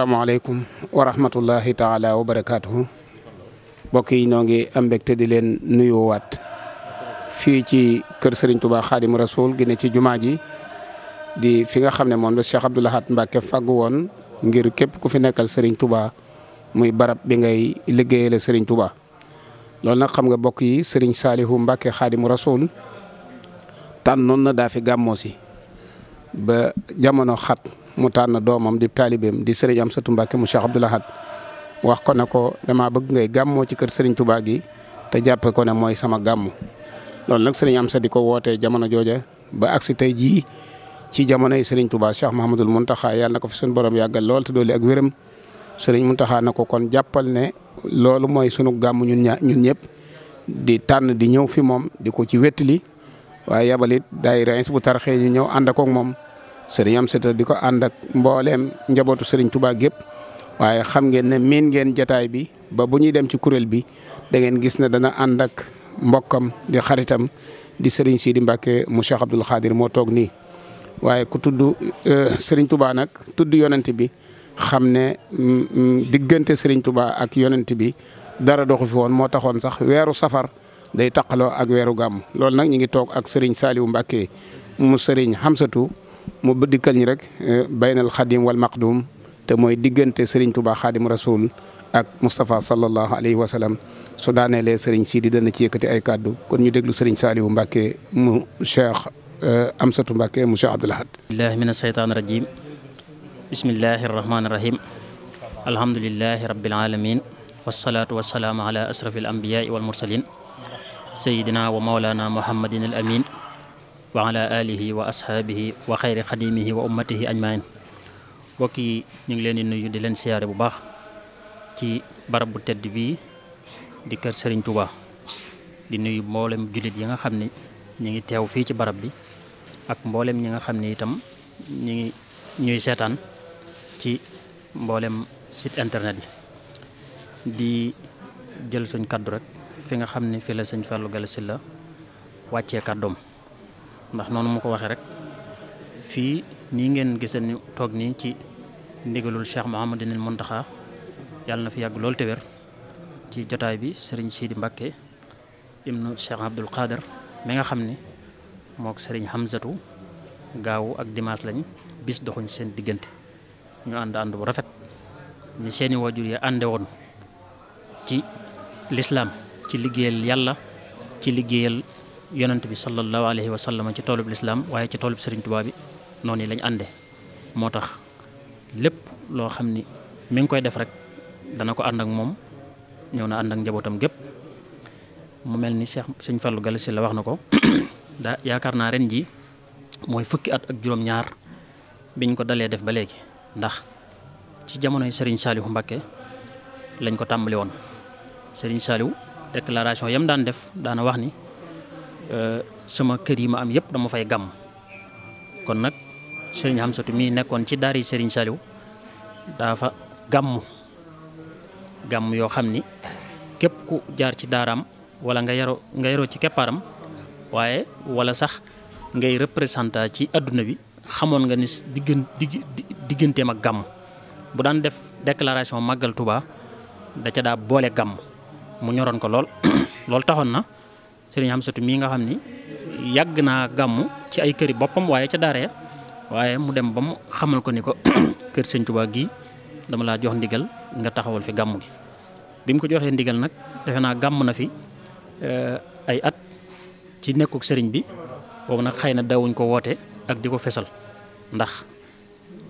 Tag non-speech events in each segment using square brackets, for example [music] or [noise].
asalaamaaleykum wa rahmatullahi taala wa barakaatuhu mbokk yi ñoo ngi am di leen nuyoowaat fii ci kër Serigne Touba Xaadimu Rasuul gi ne ci jumaa ji di fi nga xam ne moom la Cheikh Abdoul Ahad Mbacke woon ngir képp ku fi nekkal sëriñ Touba muy barab bi ngay liggéeyale Serigne Touba loolu nag xam nga mbokk yi Serigne Salihu Mbacke Xaadimu Rasuul tànnoon na daa fi gàmmoo si ba jamono xat. mu tànn doomam di taalibeem di sëriñ Amsatu Mbàkke mu Cheikh Abdoul Ahad wax ko ne ko damaa bëgg ngay gàmmoo ci kër sëriñ Tuubaa gi te jàppe ko ne mooy sama gàmmu loolu nag sëriñ am Amsa di ko wootee jamono jooja ba agsi tey jii ci jamonoy sëriñ Tuubaa Cheikh Mahamadul Muntaxa yàlla na ko fi suñu borom yàggal lool te dooli ak wéram sëriñ Muntaxa ne ko kon jàppal ne loolu mooy sunu gàmm ñun ña ñun ñëpp di tànn di ñëw fi moom di ko ci wétali waaye yabal it daayira bu tarxee ñu ñëw ànd moom. sëriñ am seta di ko ànd ak mbooleem njabootu sëriñ Touba gépp waaye xam ngeen ne miin ngeen jataay bi ba bu ñuy dem ci kuréel bi da ngeen gis ne dana ànd ak mbokkam di xaritam di sëriñ Sidi Mbacke mu Cheikh Abdoul Khadir moo toog nii. waaye ku tudd euh, sëriñ Touba nag tudd yonent bi xam ne mm, mm, diggante sëriñ Touba ak yonent bi dara doxu fi woon moo taxoon sax weeru safar day taqaloo ak weeru gàmm loolu nag ñu ngi toog ak sëriñ Saliou Mbacke mu sëriñ Hamsatou mu dikkal ñi rek eh, baynal xadim wal maqdum te mooy diggante Serigne Touba xaadim rasul ak Moustapha sallallahu alayhi wa sallam su daaneelee Serigne Sidi dana ci yëkkati ay kàddu kon ñu déglu seriñ Saliou Mbacke mu Cheikh eh, Amsatou Mbacke mu Cheikh Abdoul Ahad. billahi min ashaytaan rajim bismillahi alhamdulillahi rabbil alamin wasalaatu wasalaamu ala ashrafil anbiyaai wal mursalin wa maulana muhammadin al wa ala alihi wa ashaabihi wa xayri xadimihi wa ummatihi ajmain mbokk yi ñu ngi leen di nuyu di leen siyaare bu baax ci barab bu tedd bii di kër sëriñ Touba di nuyu mboolem jullit yi nga xam ne ñu ngi teew fii ci barab bi ak mbooleem ñi nga xam ni itam ñu ngi ñuy seetaan ci mboolem site internet yi di jël suñ kaddu rek fi nga xam ne fi la sëñ Fallou Galass la wàccee kàddoom ndax noonu mu ko waxee rek fii nii ngeen gisee ñu toog nii ci ndigalul Cheikh Mouhamadinil Mountakha yàlla na fi yàgg lool te wér ci jotaay bi Serigne Sidi Mbacké ibnu Cheikh Abdoul Khader mi nga xam ne mook Serigne Hamzatu gaawu ak dimanche lañ bis doxuñ seen diggante ñu ànd ànd bu rafet ni seeni wajur yi ànde woon ci lislaam ci liggéeyal yàlla ci liggéeyal yonent bi sallallahu alayhi wa sallam ci toolub lislaam waaye ci toolub Sëriñ Tuubaa bi noonu lañ ànde moo tax lépp loo xam ni mi ngi koy def rek dana ko ànd ak moom ñëw na ànd ak njabootam gépp mu mel ni Cheikh Sëñ Fallou Galasse la wax na ko [coughs] daa yaakaar naa ren ji mooy fukki at ak juróom biñ ko dalee def ba léegi ndax ci jamonoy sëriñ Saliou Mbacké lañ ko tàmbali woon Serigne Saliou déclaration yam daan def daana wax ni Euh, sama kër yi ma am yëpp dama fay gàmm kon nag sëriñ Hamsatu mii nekkoon ci daari sëriñ Saliou daa fa gàmm gàmm yoo xam ni képp ku jaar ci daaraam wala nga yaroo nga yaroo ci keppaaram waaye wala sax ngay représentant ci àdduna bi xamoon nga ni diggan digganteem ak gàmm bu daan def déclaration màggal Touba da ca daa boole gàmm mu ñoroon ko lool [coughs] lool taxoon na sëriñ Amsatu mii nga xam ni yàgg naa gàmmu ci ay këri boppam waaye ca daara waaye mu dem ba mu xamal ko ni ko [coughs] kër sëñ Tuubaa gii dama laa jox ndigal nga taxawal fi gàmmu gi bi mu ko joxee ndigal nag defe naa gàmm na fi eh, ay at ci nekkuk sëriñ bi boobu nag xëy na dawuñ ko woote ak di ko fesal ndax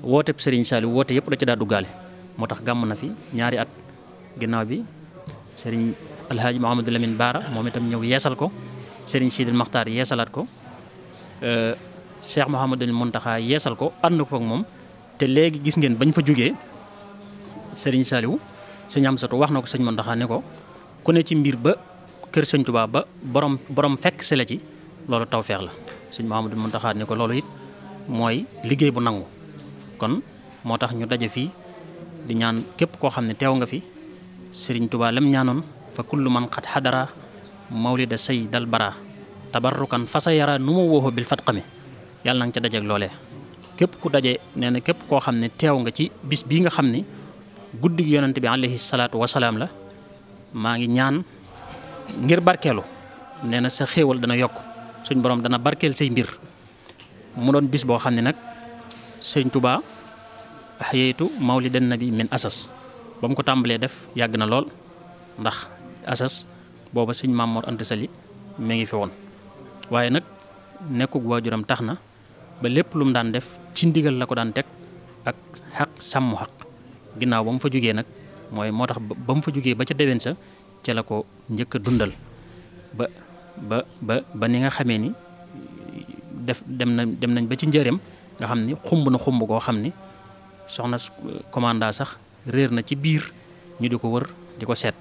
woote sëriñ Saliou woote yëpp da ca daa duggaale moo tax gàmm na fi ñaari at ginnaaw bi sëriñ alhaaji Mouhamadou Lamine Baara moom itam ñëw yeesal ko Serigne Sidil Maxtaar yeesalaat ko euh, Cheikh Mouhamadul Mountakha yeesal ko ànd ko moom te léegi gis ngeen bañ fa jógee Serigne Saliou sëñ Amsatou wax na ko sëñ Mountakha ne ko ku ci mbir ba kër sëñ Touba ba borom borom fekk si ci loolu tawfeex la sëñ Mouhamadul Mountakha ne ko loolu it mooy liggéey bu nangu kon moo tax ñu daje fi di ñaan képp koo xam ne teew nga fi Serigne Touba lam ñaanoon. fa kullu man qad xadara mawlida sayid dal bara tabarrukan fa sa yaraa nu mu wooxu bil fatqami yàlla na ca dajeeg loole képp ku daje nee na képp koo xam ne teew nga ci bis bi nga xam ne guddi gi yonent bi alayhi salaatu wasalaam la maa ngi ñaan ngir barkeelu nee na sa xéewal dana yokk suñ boroom dana barkeel say mbir mu doon bis boo xam ne nag sëñ Tuubaa ahyaytu mawlidan nabi min asas ba mu ko tàmbalee def yàgg na lool ndax asas booba sëñ Maam Mor Anta Sali mi ngi fi waaye nag nekkug waajuram tax na ba lépp lu daan def ci ndigal la ko daan teg ak xaq sàmm xaq ginnaaw ba mu fa jógee nag mooy moo tax ba mu fa jógee ba ca déwén sa ca la ko njëkk a dundal ba ba ba ba ni nga xamee ni def dem na dem nañ ba ci njëreem nga xam ni xumb na xumb koo xam ni soxna commanda sax réer na ci biir ñu di ko wër di ko seet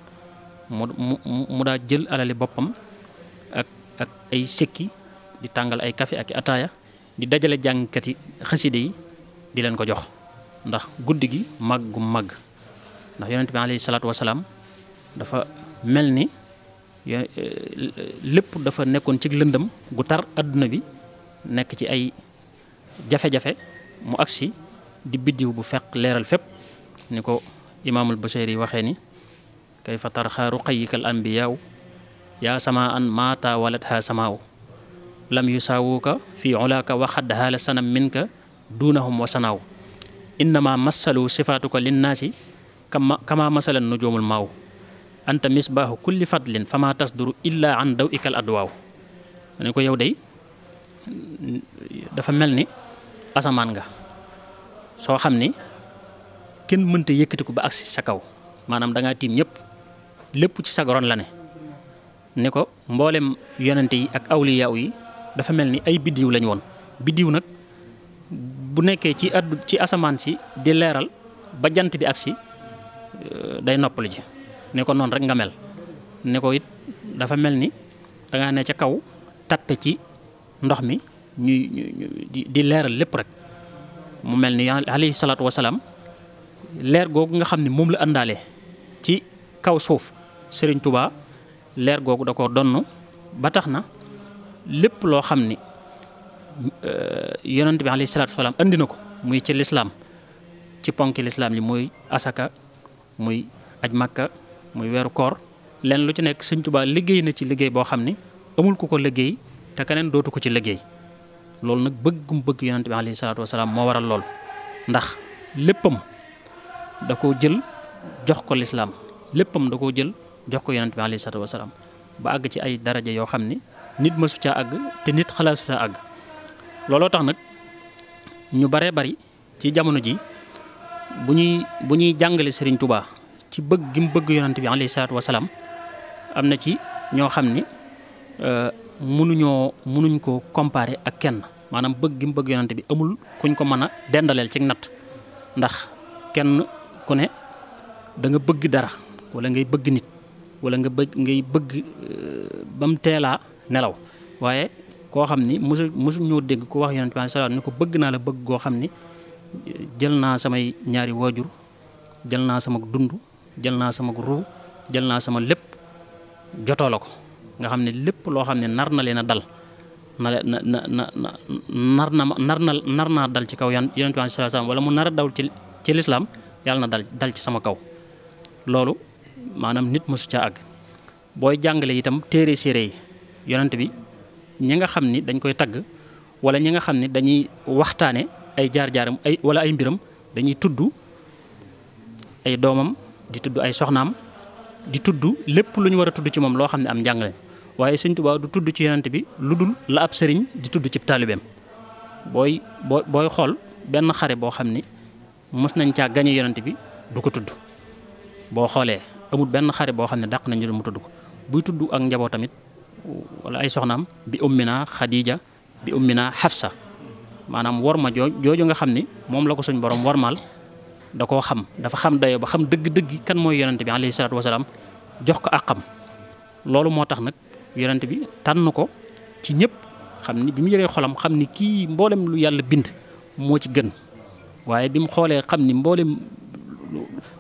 mu mu mu daa jël alali boppam ak ak ay sekki di tàngal ay kafe ak ataaya di dajale jàngkat yi xaside yi di leen ko jox ndax guddi gi màggu màgg ndax yonent bi alayhi salaatu wasalaam dafa mel ni eh, lépp dafa nekkoon cig lëndam gu tar àdduna bi nekk ci ay jafe-jafe mu agsi di biddiw bu fekk leeral fépp ni ko imaamul Busayri yi waxee ni kayfa tarxaa ruqayika al anbiyaaw yaa sama an maata walatha samaaw lam yusaawuka fi ulaaka waxad haala sanam minka duunahum wa sanaaw innama massalu sifaatuka linnaasi kama masalan nujuumul maaw anta misbaahu kulli fadlin fama tasduru illaa an daw ikal adwaaw ma ko yow day dafa mel ni asamaan nga soo xam ni kenn mënta yëkkati ko ba agsi sa kaw maanaam da tiim ñëpp lépp ci sagoron la ne ni ko mboolem yonente yi ak awliyaaw yi dafa mel ni ay biddiw lañ woon biddiw nag bu nekkee ci addu ci asamaan si di leeral ba jant bi ak si euh, day noppalu ji ni ko noonu rek nga mel ni ko it dafa mel ni dangaa ne ca kaw tappe ci ndox mi ñuy di leeral lépp rek mu mel ni alayhi salaatu wasalaam leer googu nga xam ni moom la àndaale ci kaw suuf Serigne Touba leer googu da koo donn ba tax na lépp loo xam ni euh, yonent bi alayhi salaatu salaam indi na ko muy ci lislaam ci ponki lislaam li muy asaka muy aj makka muy weeru koor lenn lu ci nekk Sëñ tubaa liggéey na ci liggéey boo xam ni amul ku ko liggéey te keneen dootu ko ci liggéey loolu nag bëggum bëgg yonent bi alayhi salaatu wasalaam moo waral lool ndax léppam da koo jël jox ko lislaam léppam da koo jël jox ko yonent bi alayhi salaatu wasalaam ba àgg ci ay daraja yoo xam ni nit mësu caa àgg te nit xalaasu sa àgg looloo tax nag ñu baree bari ci jamono ji bu ñuy bu ñuy jàngale Serigne Touba ci bëgg gi mu bëgg yonent bi alayhi salaatu wasalaam am na ci ñoo xam ni euh, mënuñoo mënuñ ko comparer ak kenn maanaam bëgg bëgg yonent bi amul kuñ ko mën a dendaleel cig natt ndax kenn ku ne da nga dara wala ngay bëgg nit wala nga bëgg ngay bëgg euh, ba mu teelaa nelaw waaye koo xam ni mosu mosu ñoo dégg ku wax yonent bi sallallahu alayhi wasallam ni ko bëgg naa la bëgg goo xam ni euh, jël naa samay ñaari waajur jël naa sama dund jël naa sama ruu jël naa sama lépp jotoo la ko nga xam ne lépp loo xam ne nar na leen a dal na na na na nar na nar na nar naa dal ci kaw yan yonent bi sallallahu alayhi wasallam wala mu nar a daw ci ci lislaam yàlla na dal dal ci sama kaw loolu maanaam nit mësu caa àgg booy jàngale itam téere séeré yi yonent bi ñi nga xam ni dañ koy tagg wala ñi nga xam ni dañuy waxtaane ay jaar-jaaram ay wala ay mbiram dañuy tudd ay doomam di tudd ay soxnaam di tudd lépp lu ñu war a tudd ci moom loo xam ne am njàngale waaye Sëñ Tuubaa du tudd ci yonent bi lu dul la ab sëriñ di tudd ci taalibeem booy booy xool benn xare boo xam ni mës nañ caa gañe yonent bi du ko tudd boo xoolee amul benn xare boo xam ne dàq nañu mu tudd ko buy tudd ak njaboot tamit wala ay soxnaam bi ummina Khadija bi ummina Hafsa maanaam worma jooju nga xam ne moom la ko suñ borom wormaal da koo xam dafa xam dayoo ba xam dëgg-dëgg kan mooy yonent bi alayhi salaatu wasalaam jox ko àqam loolu moo tax nag yonent bi tànn ko ci ñëpp xam ni bi mu yëree xolam xam ni kii mboolem lu yàlla bind moo ci gën waaye bi mu xoolee xam ni mboolem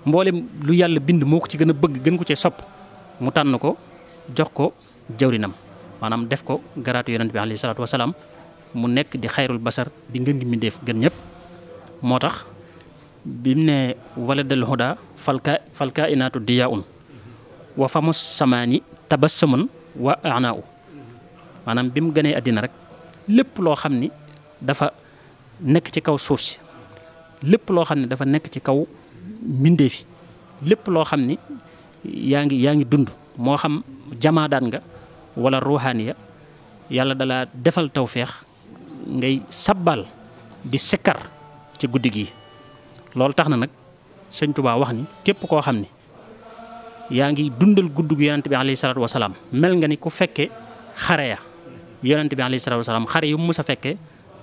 mboole lu yàlla bind moo ko ci gën a bëgg gën ko cee sopp mu tànn ko jox ko jawrinam maanaam def ko garaatu yonent bi alayhi salaatu wasalaam mu nekk di xayrul basar di ngën gi mbindéef gën ñëpp moo tax bi mu ne waladal huda falka falka inaatu diyaa un wa famu samaani tabassamun wa ana maanaam bi mu gënee àddina rek lépp loo xam ni dafa nekk ci kaw suuf si lépp loo xam ne dafa nekk ci kaw mbindee fi lépp loo xam ni yaa ngi yaa ngi dund moo xam jamaadaan nga wala ya yàlla dala defal tawféex ngay sabal di sekkar ci guddi gi loolu tax na nag sëñ Tuubaa wax ni képp koo xam ni yaa ngi dundal guddi gu yonent bi alayhi salaatu wasalaam mel nga ni ku fekke xare ya yonent bi alayhi salaatu wasalaam xare yu mu mus a fekke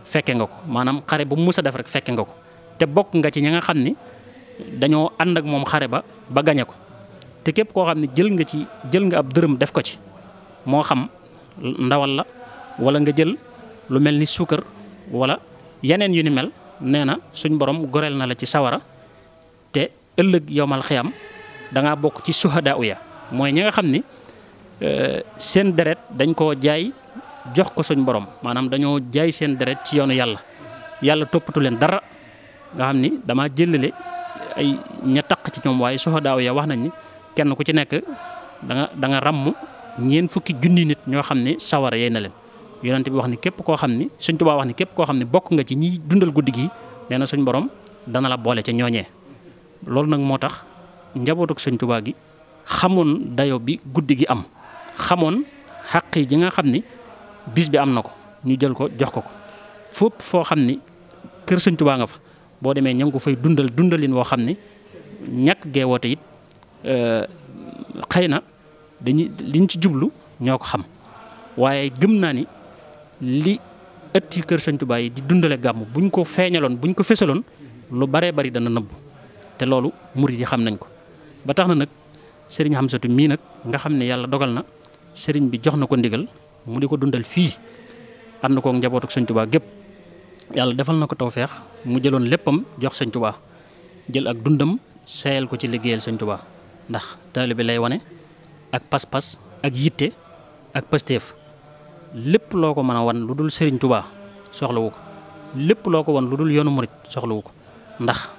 fekke nga ko maanaam xare bu mu mus a def rek fekke nga ko te bokk nga ci ña nga xam ni dañoo ànd ak moom xare ba ba gañe ko te képp koo xam ne jël nga ci jël nga ab dërëm def ko ci moo xam ndawal la wala nga jël lu mel ni suukar wala yeneen yu ni mel nee na suñ borom goreel na la ci sawara te ëllëg yowmal xiyam am ngaa bokk ci suhadaa ya mooy ñi nga xam ni euh, seen deret dañ koo jaay jox ko suñ borom maanaam dañoo jaay seen deret ci yoonu yàlla yàlla toppatu leen dara nga xam ni dama jëlale ay ña taq ci ñoom waaye soxodaaw ya wax nañ ni kenn ku ci nekk da nga da nga ràmm ñeen fukki junni nit ñoo xam ne sawara yey na leen yonente bi wax ni képp koo xam ni Sëñ Tuubaa wax ni képp koo xam ne bokk nga ci ñiy dundal guddi gi nee na suñ borom dana la boole ca ñooñee loolu nag moo tax njabootuk Sëñ Tuubaa gi xamoon dayo bi guddi gi am xamoon xaq yi ji nga xam ni bis bi am na ko ñu jël ko jox ko ko fépp foo xam ni kër Sëñ Tuubaa nga fa boo demee ña ngi ko fay dundal dundalin woo xam ne ñàkk gee woote it euh, xëy na dañu liñ ci jublu ñoo ko xam waaye gëm naa ni li ëtti kër Sëñ Tuubaa yi di dundale gàmm buñ ko feeñaloon buñ ko fesaloon lu baree bari dana nëbbu te loolu mur yi xam nañ ko ba tax na nag sëriñ Hamsatu mii nag nga xam ne yàlla dogal na sëriñ bi jox na ko ndigal mu di ko dundal fii ànd koog njabootu Sëñ Tuubaa gépp yàlla defal na ko tawféex mu jëloon léppam jox sëñ Tuubaa jël ak dundam seeyal ko ci liggéeyal sëñ Tuubaa ndax taalibe lay wane ak pas-pas ak yitte ak pësteef lépp loo ko mën a wan lu dul sëriñ Tuubaa soxlawu ko lépp loo ko wan lu dul yoonu murit soxlawu ko ndax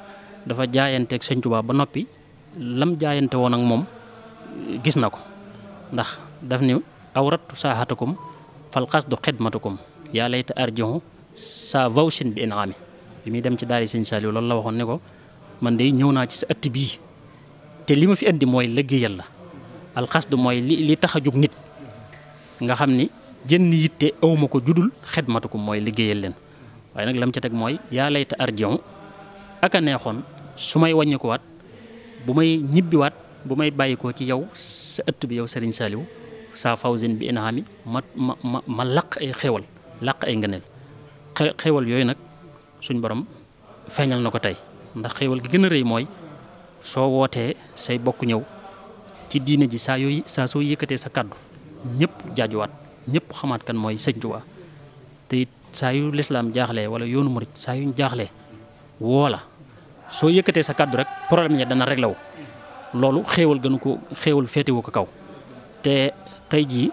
dafa jaayanteeg sëñ Tuubaa ba noppi lam jaayante woon ak moom gis na ko ndax daf ni awratu saahatakum fal qasdu xidmatukum yaa layta arjihu saa vawsin bi inaami bi muy dem ci daari sëñ Saliou loolu la waxoon ne ko man de ñëw naa ci sa ëtt bii te li ma fi indi mooy liggéeyal la alxasdu mooy li tax a jóg nit nga xam ni jënn yitte awma ko judul xedmatukum mooy liggéeyal leen waaye nag lam ca teg mooy yaa layta arjion ak a neexoon su may wàññikuwaat bu may ñibbiwaat bu may bàyyikoo ci yow sa ëtt bi yow Serigne Saliou saa fawzin bi inaami ma ma ma laq ay xéwal laq ay ngëneel xéewal yooyu nag suñ borom feeñal na ko tey ndax xéewal gi gën a rëy mooy soo wootee say bokk ñëw ci diine ji saa yooyu saa soo yëkkatee sa kàddu ñëpp jaajuwaat ñëpp xamaat kan mooy sëñ Tuubaa te saa yu lislaam jaaxlee wala yoonu murit saa yuñ jaaxlee woo la soo yëkkatee sa kàddu rek problème ya dana réglé wu loolu xéewal gënu ko xéewal féetewu ko kaw te tey jii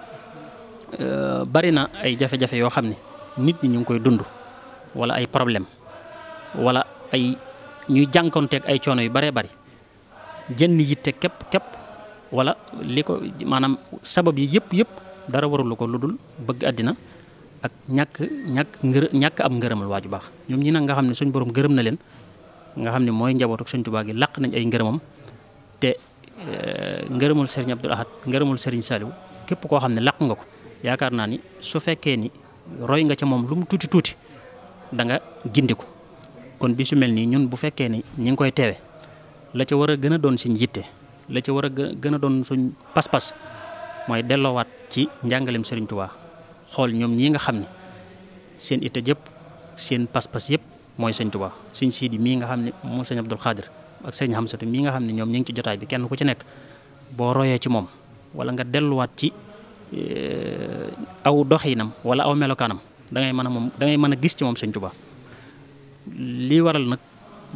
euh, bari na ay jafe-jafe yoo xam ni nit ñi ñu ngi koy dund wala ay problème wala ay ñuy jànkonteeg ay coono yu baree bari jënn yitte képp képp wala li ko maanaam sabab yi yëpp yëpp dara warulu ko lu dul bëgg àddina ak ñàkk ñàkk ngër ñàkk am ngërëmal waaju baax ñoom ñi nag nga xam ne suñ boroom gërëm na leen nga xam ne mooy njaboot ak suñ tubaa gi làq nañ ay ngërëmam te eh, ngërëmul Serigne Abdoul Ahad ngërëmul Serigne Saliou képp koo xam ne làq nga ko yaakaar naa ni su fekkee ni roy nga ca moom lu mu tuuti tuuti da nga gindiku kon bi su mel nii ñun bu fekkee ni ñi ngi koy teewe la ca war a gën a doon suñ yitte la ci war a gën a doon suñ pas-pas mooy delloowaat ci njàngaleem Serigne Touba xool ñoom ñii nga xam ne seen itte yëpp seen pas-pas yëpp mooy Serigne Touba Serigne Sidi mii nga xam ne moo Serigne Abdoul Khadir ak Serigne Hamsatu mii nga xam ne ñoom ñu ngi ci jotaay bi kenn ku ci nekk boo royee ci moom wala nga delluwaat ci Eh, aw doxinam wala aw melokaanam dangay mën a moom da ngay mën a gis ci moom sëñ Tuubaa lii waral nag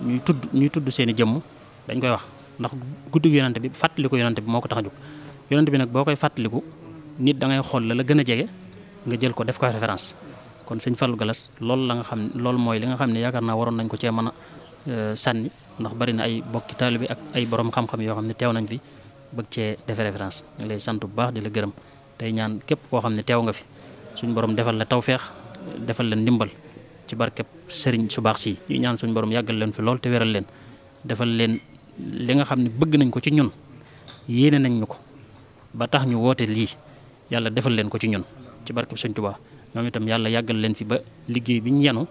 ñuy tudd ñuy tudd seen i jëmm dañ koy wax ndax guddi yonante bi fàttaliku yonante bi moo ko tax a jóg yonante bi nag boo koy fàttaliku nit da ngay xool la la gën a jege nga jël ko def ko référence kon sëñ Fallou Galas lool la nga xam ne loolu mooy li nga xam ne yaakaar naa waroon nañ ko cee mën a eh, sànni ndax bari na ay bokki taalibe ak ay boroom xam-xam yoo xam ne teew nañ fi bëgg cee def référence la gërëm. tey ñaan képp koo xam ne teew nga fi suñu borom defal la tawféex defal la ndimbal ci barkeb sëriñ su baax si ñuy ñaan suñu borom yàggal leen fi lool te wéral leen defal leen li nga xam ne bëgg nañ ko ci ñun yéene nañ ñu ko ba tax ñu woote lii yàlla defal leen ko ci ñun ci barkeb sëriñ Tuubaa ñoom itam yàlla yàggal leen fi ba liggéey bi ñu yenu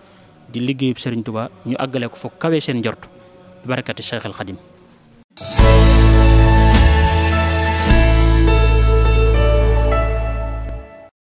di liggéeyub sëriñ Tuubaa ñu àggale ko fu kawee seen jort bi barakati Cheikh al Xadim